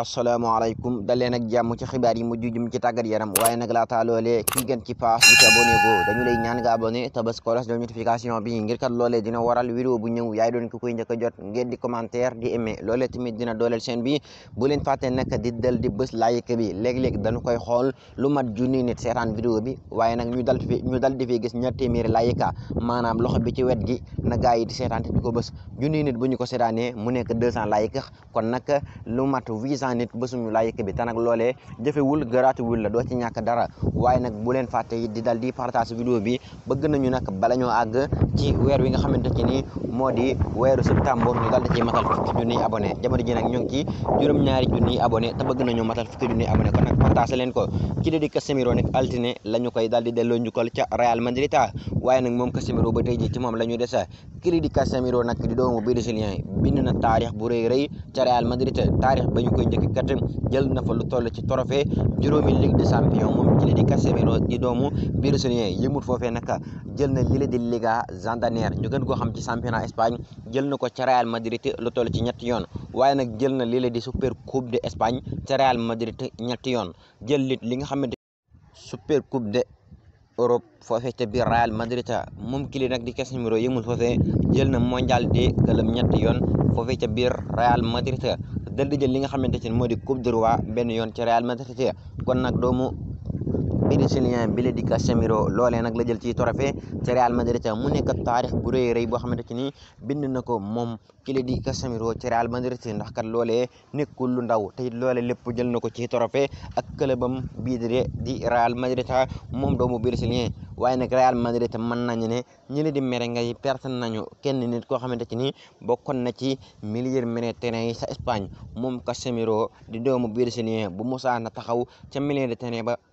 asalaamaaleykum daleen ak jàmm ci xibaar yi mujj jëm ci tàggat yaram waaye nag laataa loolee kii gën ci paas bi ci abonné dañu lay ñaan nga abonné te bés kolos doon notification bi ngir kat loolee dina waral vidéo bu ñëw yaay doon ki koy njëkk jot ngeen di commentaire di aimé loolee tamit dina dooleel chaîne bi bu leen fàttee nag di dal di bés like bi léeg-léeg dañu koy xool lu mat junni nit seetaan vidéo bi waaye nag ñu dal fi ñu dal di fi gis ñaar téeméeri like maanaam loxo bi ci gi na gaa yi di ko bés junni nit bu ñu ko seetaanee mu nekk 200 like cent nit bésuñu laa yëkk bi te nag loolee jëfewul garaatuwul la doo ci ñàkk dara waaye nag bu leen di dal di partage bi bëgg nañu nag bala ñoo àgg ci weer wi nga xamante ci ni moo di weeru septembre ñu dal di ciy matal fukki junniy abonné jamono ji nag ñu ngi ñaari junniy abonné te bëgg nañu matal fukki junniy abonné kon nag partage leen ko ki di Casemiro nag altine la ñu koy daal di delloo njukkal ca Real Madrid waaye nag moom Casemiro ba ba ñu bi kat jël na fa lu toll ci trophée juróomi ligue des champions moom jële di Casemiro di doomu brésilien yëmut foofee nag jël na lile di liga santander ñu gën koo xam ci championnat Espagne jël na ko ca Real Madrid lu toll ci ñetti yoon waaye nag jël na lii lile di super coupe de Espagne ca Real Madrid ñetti yoon jël lit li nga xamante super coupe de Europe foofee ca biir Real Madrid moom kili nag di Casemiro yëmul foofee jël na mondial di këlam yoon dal di jël li nga xamante ne moo di coupe de benn yoon ci Real Madrid kon nag doomu brésilien bi la di Casemiro loolee nag la jël ci trophée ca Real Madrid mu nekk taarix bu rëy rëy boo xamante ni bind na ko moom ki la di Casemiro ca Real Madrid ndax kat loolee nekkul lu ndaw te it loolee jël na ko ci trophée ak këlëbam bii di Real Madrid ah, moom doomu brésilien waaye nag Real Madrid mën nañu ne ñi la di merengue yi perte nañu kenn nit koo xamante ni bokkoon na ci milieu milieu terrain yi sa Espagne moom Casemiro di doomu brésilien bu musaa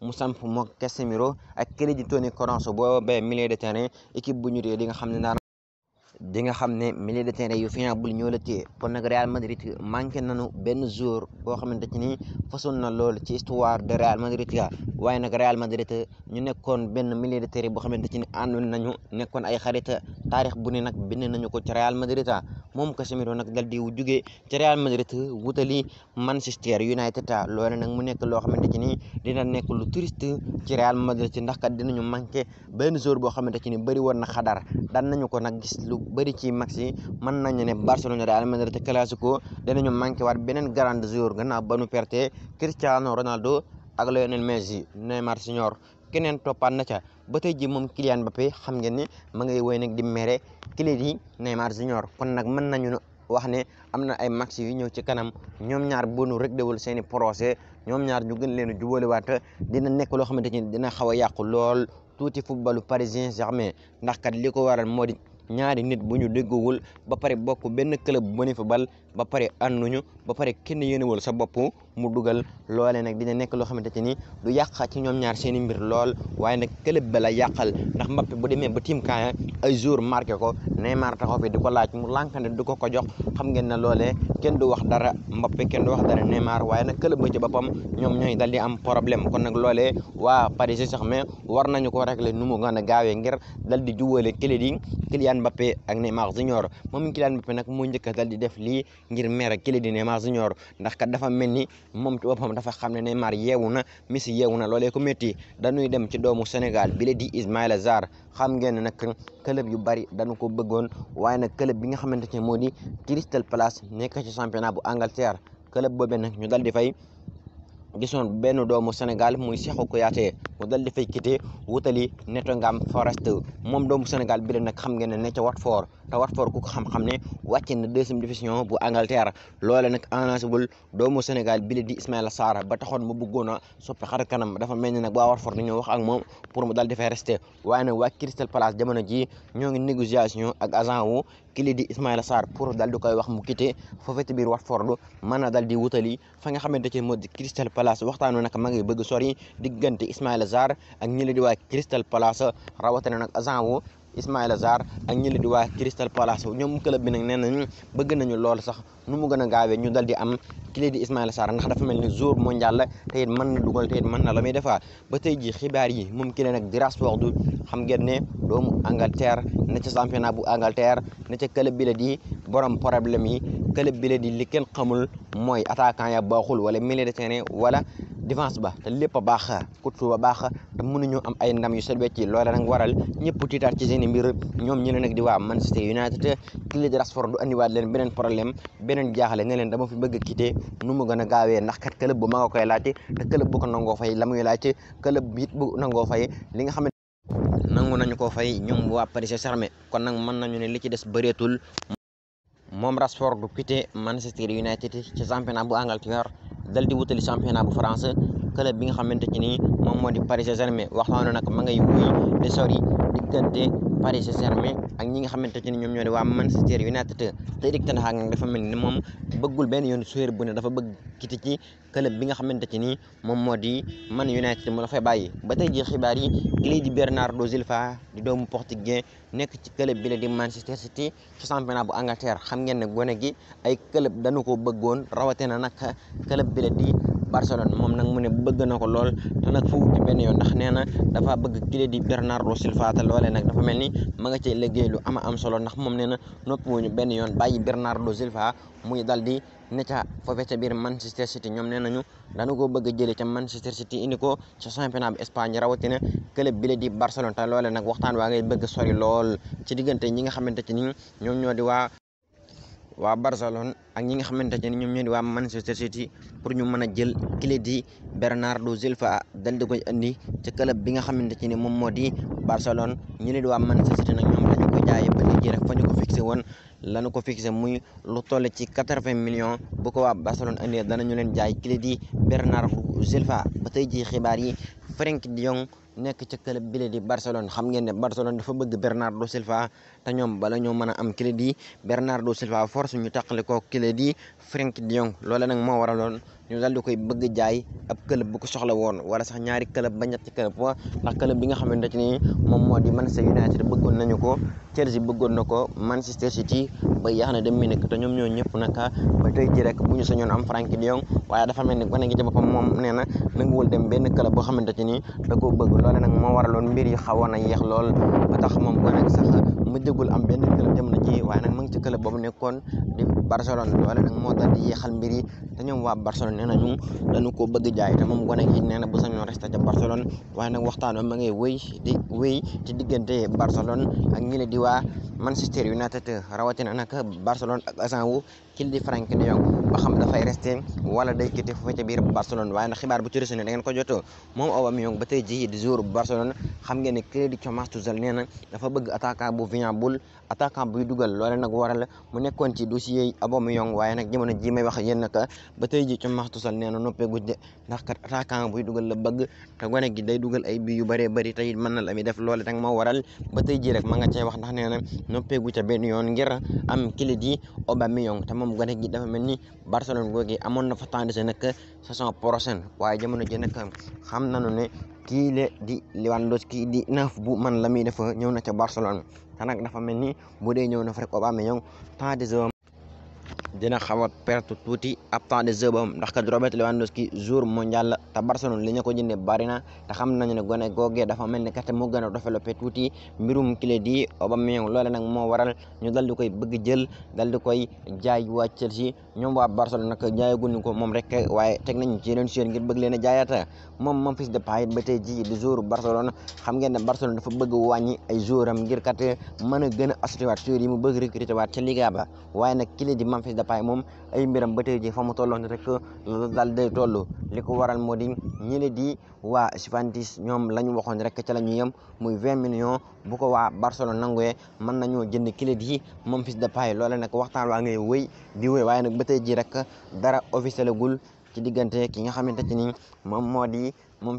mu samp Casemiro ak crédit Toni Kroos boo bee milieu de bu ñu dee di nga xam ne di xam ne milieu de terrain yu fiable ñoo la téye kon nag Real Madrid manqué nañu benn joueur boo xamante ni fasoon na lool ci histoire de Real Madrid waaye nag Real Madrid ñu nekkoon benn milieu de terrain boo xamante ni àndoon nañu nekkoon ay xarit taarix bu ne nag bind nañu ko ci Real Madrid moom Casemiro nag dal di jugee ci Real Madrid wutali Manchester United loole nag mu nekk loo xamante ni dina nekk lu triste ci Real Madrid ndax kat dinañu manqué benn joueur boo xamante ni bëri woon na xadar daan bari ci max yi mën nañu ne Barcelona Real Madrid te classico danañu manqué waat beneen grand joueur gannaaw ba nu perte Cristiano Ronaldo ak Lionel Messi Neymar Senior keneen toppaat na ca ba tey ji moom Kylian Mbappé xam ngeen ni ma ngay woy nag di mere kile di Neymar Junior kon nag mën nañu wax ne am na ay match yu ñëw ci kanam ñoom ñaar bonu rek dewul seen i procès ñoom ñaar ñu gën leen jubaliwaat dina nekk loo xamante ni dina xaw a yàqu lool tuuti footballu parisien germain ndax kat li ko waral moo di ñaari nit bu ñu déggoowul ba pare bokk benn club bu ne fa bal ba pare nuñu ba pare kenn yéenewul sa bopp mu dugal loole nag dina nekk loo xamante ci ni du yàq ci ñoom ñaar seeni mbir lool waaye nag club ba la yàqal ndax Mbappé bu demee ba tiim kaaya ay jour marqué ko Neymar taxaw fi di ko laaj mu lànkande du ko ko jox xam ngeen ne loolee kenn du wax dara Mbappé kenn du wax dara Neymar waaye nag club ba ci boppam ñoom ñooy dal di am problème kon nag loole waa Paris sax germain war nañu ko régler nu mu gën a gaawee ngir dal di jubale kële di Kylian Mbappé ak Neymar Junior moom Kylian Mbappé nag moo njëkk a di def lii ngir mer ak kële di Neymar Junior ndax kat dafa moom ci boppam dafa xam ne Neymar yeewu na Messi yeewu na loolee ko métti dañuy dem ci doomu Sénégal bi la di Ismaïla Sarr xam ngeen nag club yu bari dañu ko bëggoon waaye nag club bi nga xamante ne moo di Crystal Palace nekk ci championnat bu Angleterre club boobee nag ñu dal di fay gisoon benn doomu Sénégal muy ko Kouyaté mu dal di fay quitté wutali Nottingham Forest moom doomu Sénégal bi xam ngeen ne ne ca Watford te Watford ku ko xam-xam ne wàcce na deuxième division bu Angleterre loole nag annoncewul doomu Sénégal bi la di Ismaïla Sarr ba taxoon mu bëggoon a soppi xar kanam dafa mel ni nag waa Watford dañoo wax ak moom pour mu dal di fay resté waaye nag waa Crystal Palace jamono ji ñoo ngi négociation ak agent wu kii di Ismaïla Sarr pour dal koy wax mu quitté foofee ci biir Watford mën na dal di wutali fa nga xamante ci moo di Crystal Palace waxtaanu nag ma ngi bëgg sori diggante Ismaïla Sarr ak ñi di waa Crystal Palace rawatina nag agent wu Ismaïla Sarr ak ñi waa Crystal Palace ñoom club bi nag nee nañ bëgg nañu lool sax nu mu gën a gaawee ñu dal di am kii di Ismaïla Sarr ndax dafa mel ni jour mondial la te man mën na dugal te it na la muy defa ba tey ji xibaar yi moom kile la nag di Rashford du xam ngeen ne doomu Angleterre ne ca championnat bu Angleterre ne ca club bi la di borom problème yi club bi di li kenn xamul mooy attaquant ya baaxul wala milieu wala défense ba te lépp a baax course ba baax te mënuñu am ay ndam yu set wecc loola nag waral ñëpp tiitaat ci seen i mbir ñoom ñu ne nag di waa Manchester United kii di Rashford du andiwaat leen beneen problème beneen jaaxle ne leen dama fi bëgg a quitter nu mu gën a gaawee ndax kat club bu ma nga koy laajte te club bu ko nangoo fay la muy laajte club bi bu nangoo fay li nga xamante nangu nañu ko fay ñoom waa Paris Saint-Germain kon nag mën nañu ne li ci des bareetul moom Rashford du quitter Manchester United ci championnat bu Angleterre dal di wutali championnat bu France club bi nga xamante ci ni moom moo di Paris Saint-Germain waxtaan nag ma ngay wuy di sori diggante Paris Saint-Germain ak ñi nga xamante ne ñoom ñoo di waa Manchester United te Erik ten Hag nag dafa mel ne moom bëggul benn yoon joueur bu ne dafa bëgg kiti ci club bi nga xamante ne nii moom moo di Man United mu la fay bàyyi ba tey ji xibaar yi kii di Bernardo Silva di doomu portugais nekk ci club bi la di Manchester City ci championnat bu Angleterre xam ngeen ne gone gi ay club dañu ko bëggoon rawatina nag club bi la di Barcelone moom nag mu ne bëgg na ko lool te nag fu ci benn yoon ndax nee na dafa bëgg kile di Bernardo Silva te loolee nag dafa mel ni ma nga ama am solo ndax moom nee na benn yoon bàyyi Bernardo Silva muy dal ne ca foofee ca biir Manchester City ñoom nee nañu dañu ko bëgg a jëlee ca Manchester City indi ko ca championnat bi Espagne rawatina club bi la di Barcelone te loolee nag waxtaan waa ngay bëgg sori lool ci diggante ñi nga xamante waa Barcelone ak ñi nga xamante ne ñoom ñoo di waa Manchester City pour ñu mën a jël kile di Bernardo Silva dal di koy andi ci club bi nga xamante ne moom moo di Barcelone ñu ne di waa Manchester City nag ñoom lañu ko jaayee ba léegi rek fa ñu ko fixé woon lañu ko fixé muy lu toll ci quatre bu ko waa Barcelone andee danañu leen jaay kile di Bernardo Silva ba tey ji xibaar yi Frenkie nekk ca club bile di Barcelone xam ngeen ne Barcelone dafa bëgg Bernardo Silva te ñoom bala ñoo mën a am crédit Bernardo Silva force ñu taqale ko crédit Frenkie de Jong loola nag moo waraloon ñu daal di koy bëgg jaay ab club bu ko soxla woon wala sax ñaari club ba ñetti club wa ndax club bi nga xamante ni moom moo di man United bëggoon nañu ko Chelsea bëggoon na ko Manchester City ba yaax na dem mi nekk te ñoom ñoo ñëpp naka ba tey bu ñu sañoon am Frenkie de waaye dafa mel ni gone gi ci boppam moom nee na nanguwul dem benn club boo xamante ni da koo bëgg loole nag moo waraloon mbir yi xawoon a yeex lool ba tax moom gone gi sax ma jégul am benn club jamono ji waaye nag ma ngi ci nekkoon di Barcelone loole nag moo tax di yeexal mbir ñoom waa Barcelone nee nañu dañu ko bëgg jaay te moom na bu sañoon waaye nag waxtaan ma ngay wéy di wéy ci diggante Barcelone ak la di Manchester United rawatina nag Barcelone ak agent wu di Frank de Jong ba xam dafay resté wala day quitté foofu ca biir Barcelone waaye nag xibaar bu ci resone da ngeen ko jot moom Aubameyang ba tey jii di jour Barcelone xam ngeen Niang bul attaquant buy dugal loole nag waral mu nekkoon ci dossier yi Aubameyang waaye nag jamono ji may wax yéen nag ba tey ji ci maxtusal nee noppee gudde ndax kat attaquant la bëgg te gone gi day dugal ay bi yu bëree bëri tey mën na la mi def loole tag moo waral ba tey ji rek ma nga cay wax ndax nee na noppee gu ca benn yoon ngir am kilit yi Aubameyang te moom gone gi dafa mel ni Barcelone googi amoon na fa tendance nag saison prochaine waaye jamono ji nag xam nañu ne kii le di Lewandowski di naaf bu man la muy ñëw na ca Barcelone te nag dafa mel ni bu dee ñëw na fekk Aubameyang temps de jeu dina xaw a perte tuuti ab temps de jeu boobu ndax kat Robert Lewandowski jour mondial la te Barcelone li ñu ko jëndee bari na te xam nañu ne gone googee dafa mel ni kat mu gën a développé tuuti mbirum kilé di Aubameyang loole nag moo waral ñu dal di koy bëgg jël dal di koy jaay waa Chelsea ñoom waa Barcelone nag jaayaguñu ko moom rek waaye teg nañu ci yeneen seen ngir bëgg leen a jaayaata moom Memphis Depay ba tey ji di jour Barcelone xam ngeen ne Barcelone dafa bëgg wàññi ay jouram ngir kat mën a gën a assurer waat joueur yi mu bëgg recruter waat ca Liga ba waaye nag kilé di Memphis Depay moom ay mbiram ba tey ji fa mu tolloon rek daal day waral moo di ñile di waa Juventus ñoom la ñu waxoon rek ca la ñu yem muy 20 millions bu ko waa Barcelone nanguwee mën nañoo jënd kilit yi moom Memphis Depay loole nag waxtaan waa ngay wéy di wéy waaye nag ji rek dara officiel agul ci diggante ki nga xamante ci ni moom moo di moom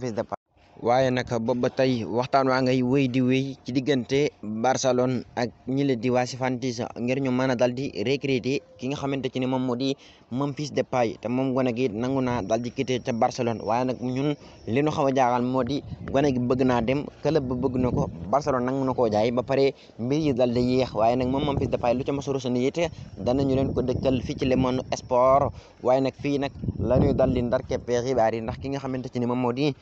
waaye nag ba tey waxtaan waa ngay wéy di wéy ci diggante Barcelone ak ñile di waa Sifantis ngir ñu mën a dal di recruter ki nga xamante ci ne moom moo di Memphis Depay te moom gone gi nangu naa dal di quitté te Barcelone waaye nag ñun li ñu xaw a jaaxal moo di gone gi bëgg naa dem club ba bëgg na ko Barcelone nangu na koo jaay ba pare mbir yi dal di yéex waaye nag moom Memphis Depay lu ca masoro sani dana danañu leen ko dëkkal fii ci Le Monde Sport waaye nag fii nag la ñuy dal di ndar keppee xibaar yi ndax ki nga xamante ci ne moom moo di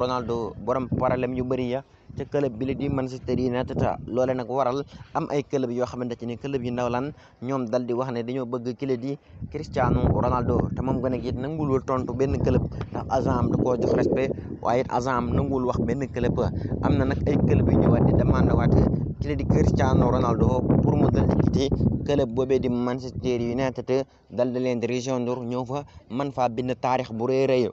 Ronaldo borom problème yu bëri ya ca club bi li di Manchester United loole nag waral am ay club yoo xamante ci ni club yu ndaw lan ñoom dal di wax ne dañoo bëgg kile di Cristiano Ronaldo te moom gone gi it nanguwul woon tontu benn club ndax agent am da koo jox respect waaye it agent am nanguwul wax benn club am na nag ay club yu ñëwaat di demande waat kile di Cristiano Ronaldo pour mu dal di quitté club boobee di Manchester United dal di leen di rejoindre ñëw fa man faa bind taarix bu rëy rëy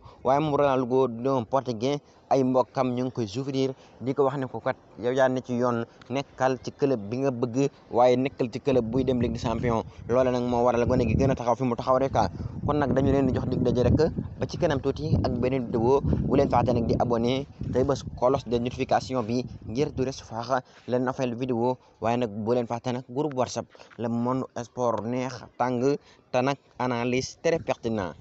ay mbokkam ñu ngi koy souvenir di ko wax ne ko kat yow yaa ne ci yoon nekkal ci club bi nga bëgg waaye nekkal ci club buy dem Ligue des Champions loola nag moo waral gone gi gën a taxaw fi mu taxaw rek ah. kon nag dañu leen di jox dig daje rek ba ci kanam tuuti ak beneen vidéo bu leen fàtte nag di abonné tey bés kolos de notification bi ngir du recevoir leen nouvelle vidéo waaye nag bu leen fàtte nag groupe WhatsApp le monde sport neex tàng te nag analyse très pertinent